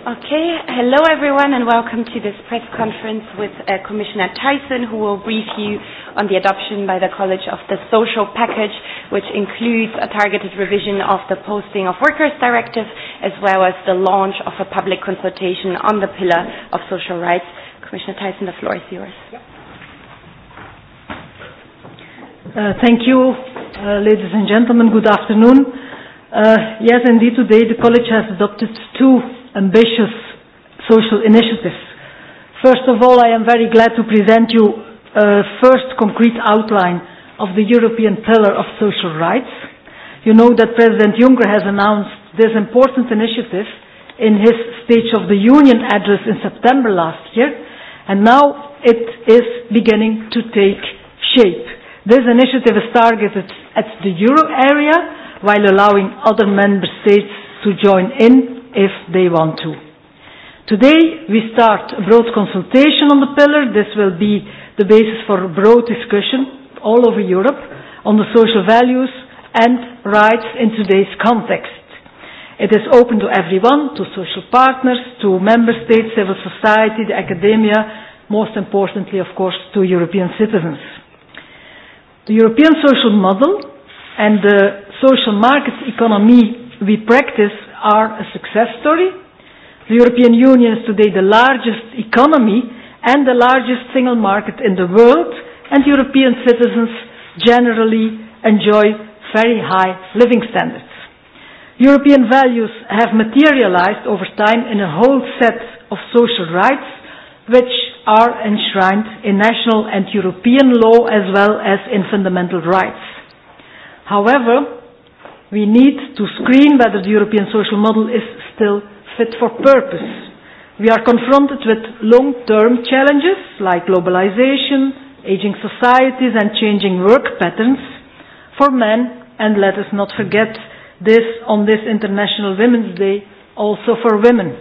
Okay, hello everyone and welcome to this press conference with uh, Commissioner Tyson who will brief you on the adoption by the College of the Social Package which includes a targeted revision of the Posting of Workers Directive as well as the launch of a public consultation on the pillar of social rights. Commissioner Tyson, the floor is yours. thank you, uh, ladies and gentlemen. Good afternoon. Uh, yes, indeed, today the College has adopted two ambitious social initiatives. First of all, I am very glad to present you a first concrete outline of the European Pillar of Social Rights. You know that President Juncker has announced this important initiative in his State of the Union address in September last year, and now it is beginning to take shape. This initiative is targeted at the euro area, while allowing other member states to join in if they want to. Today we start a broad consultation on the pillar. This will be the basis for broad discussion all over Europe on the social values and rights in today's context. It is open to everyone, to social partners, to member states, civil society, the academia, most importantly, of course, to European citizens. The European social model and the social market economy we practice are a success story. The European Union is today the largest economy and the largest single market in the world, and European citizens generally enjoy very high living standards. European values have materialized over time in a whole set of social rights, which are enshrined in national and European law as well as in fundamental rights. However, We need to screen whether the European social model is still fit for purpose. We are confronted with long-term challenges like globalization, aging societies and changing work patterns for men and let us not forget this on this International Women's Day also for women.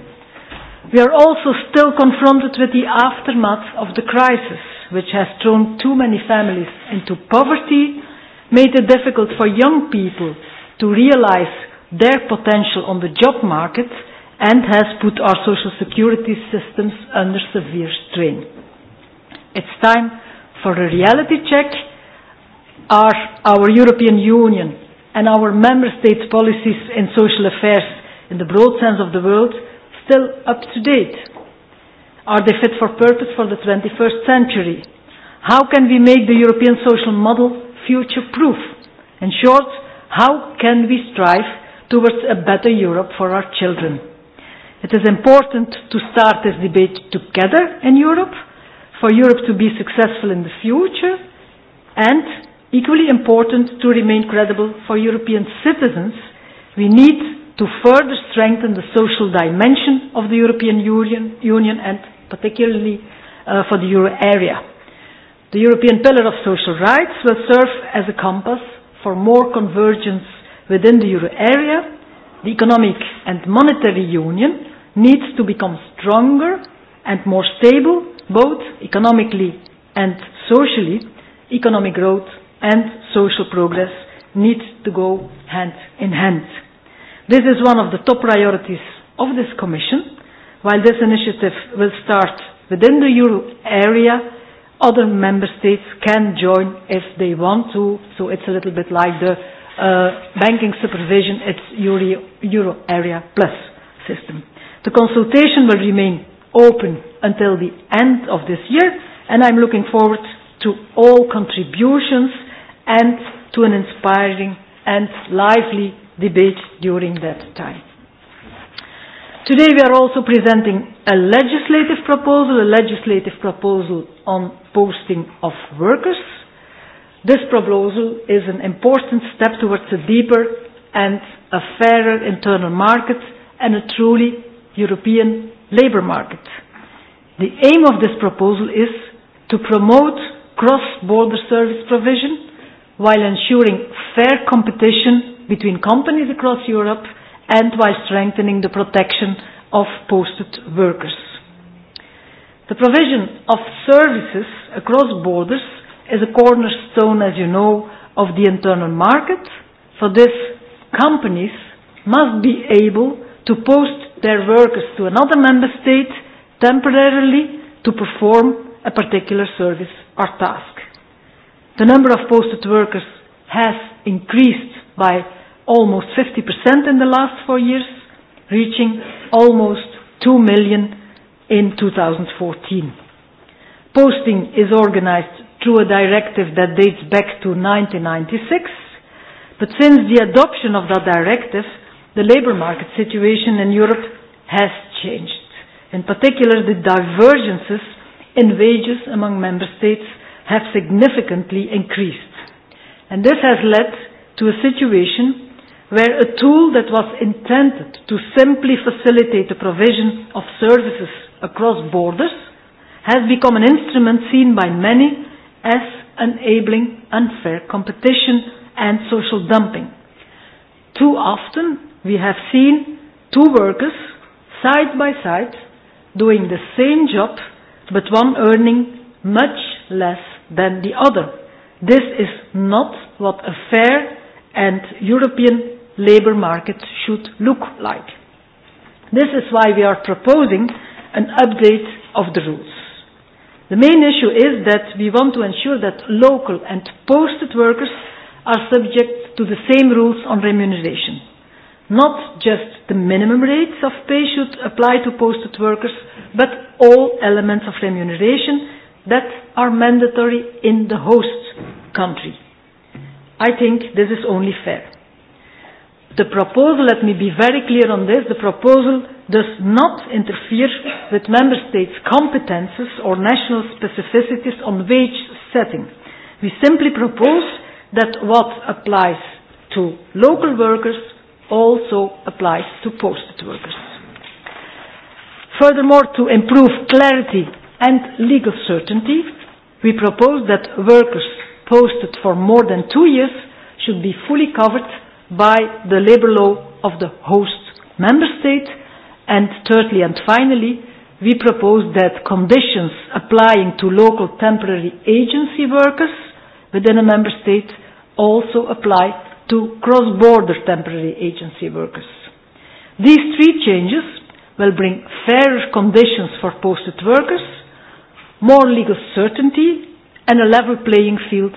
We are also still confronted with the aftermath of the crisis which has thrown too many families into poverty, made it difficult for young people to realize their potential on the job market and has put our social security systems under severe strain. It's time for a reality check. Are our European Union and our member states' policies in social affairs in the broad sense of the world still up to date? Are they fit for purpose for the 21st century? How can we make the European social model future-proof? In short, How can we strive towards a better Europe for our children? It is important to start this debate together in Europe, for Europe to be successful in the future, and equally important to remain credible for European citizens, we need to further strengthen the social dimension of the European Union and particularly for the euro area. The European Pillar of Social Rights will serve as a compass for more convergence within the euro area, the economic and monetary union needs to become stronger and more stable, both economically and socially. Economic growth and social progress need to go hand in hand. This is one of the top priorities of this Commission. While this initiative will start within the euro area, Other member states can join if they want to, so it's a little bit like the banking supervision, it's Euro Area Plus system. The consultation will remain open until the end of this year, and I'm looking forward to all contributions and to an inspiring and lively debate during that time. Today we are also presenting a legislative proposal, a legislative proposal on posting of workers. This proposal is an important step towards a deeper and a fairer internal market and a truly European labour market. The aim of this proposal is to promote cross-border service provision while ensuring fair competition between companies across Europe and while strengthening the protection of posted workers. The provision of services across borders is a cornerstone, as you know, of the internal market. For this, companies must be able to post their workers to another member state temporarily to perform a particular service or task. The number of posted workers has increased by almost 50% in the last four years, reaching almost 2 million in 2014. Posting is organized through a directive that dates back to 1996, but since the adoption of that directive, the labor market situation in Europe has changed. In particular, the divergences in wages among member states have significantly increased. And this has led to a situation where a tool that was intended to simply facilitate the provision of services across borders, has become an instrument seen by many as enabling unfair competition and social dumping. Too often we have seen two workers side by side doing the same job but one earning much less than the other. This is not what a fair and European labour market should look like. This is why we are proposing an update of the rules. The main issue is that we want to ensure that local and posted workers are subject to the same rules on remuneration. Not just the minimum rates of pay should apply to posted workers, but all elements of remuneration that are mandatory in the host country. I think this is only fair. The proposal, let me be very clear on this, the proposal does not interfere with member states' competences or national specificities on wage setting. We simply propose that what applies to local workers also applies to posted workers. Furthermore, to improve clarity and legal certainty, we propose that workers posted for more than two years should be fully covered by the labour law of the host member state. And thirdly and finally, we propose that conditions applying to local temporary agency workers within a member state also apply to cross-border temporary agency workers. These three changes will bring fairer conditions for posted workers, more legal certainty and a level playing field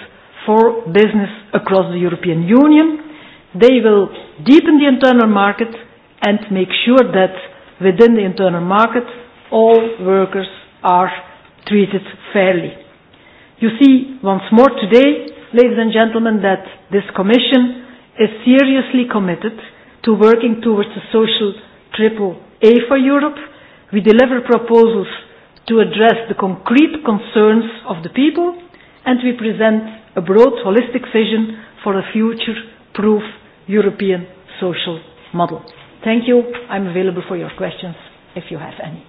for business across the European Union They will deepen the internal market and make sure that within the internal market all workers are treated fairly. You see once more today, ladies and gentlemen, that this Commission is seriously committed to working towards a social triple A for Europe. We deliver proposals to address the concrete concerns of the people and we present a broad holistic vision for a future-proof European social model. Thank you. I'm available for your questions if you have any.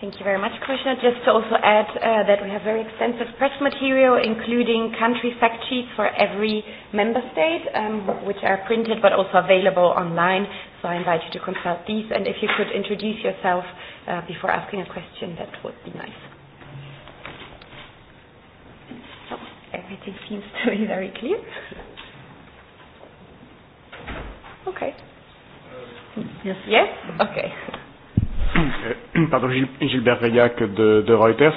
Thank you very much, Commissioner. Just to also add uh, that we have very extensive press material, including country fact sheets for every member state, um, which are printed but also available online. So I invite you to consult these. And if you could introduce yourself uh, before asking a question, that would be nice. So everything seems to be very clear. Okay. Yes. Yes? Okay. Pardon, Gilbert Veillac de, Reuters.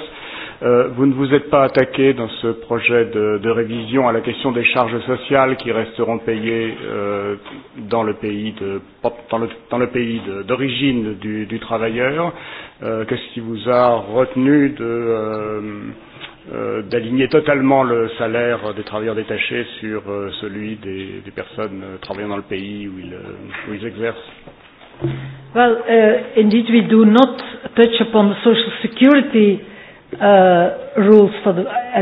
vous ne vous êtes pas attaqué dans ce projet de, de révision à la question des charges sociales qui resteront payées euh, dans le pays de dans le, dans le pays d'origine du, du travailleur. Euh, Qu'est-ce qui vous a retenu de euh, d'aligner totalement le salaire des travailleurs détachés sur celui des, des personnes travaillant dans le pays où ils, où ils exercent. Well, uh, indeed, we do not touch upon the social security uh, rules for the,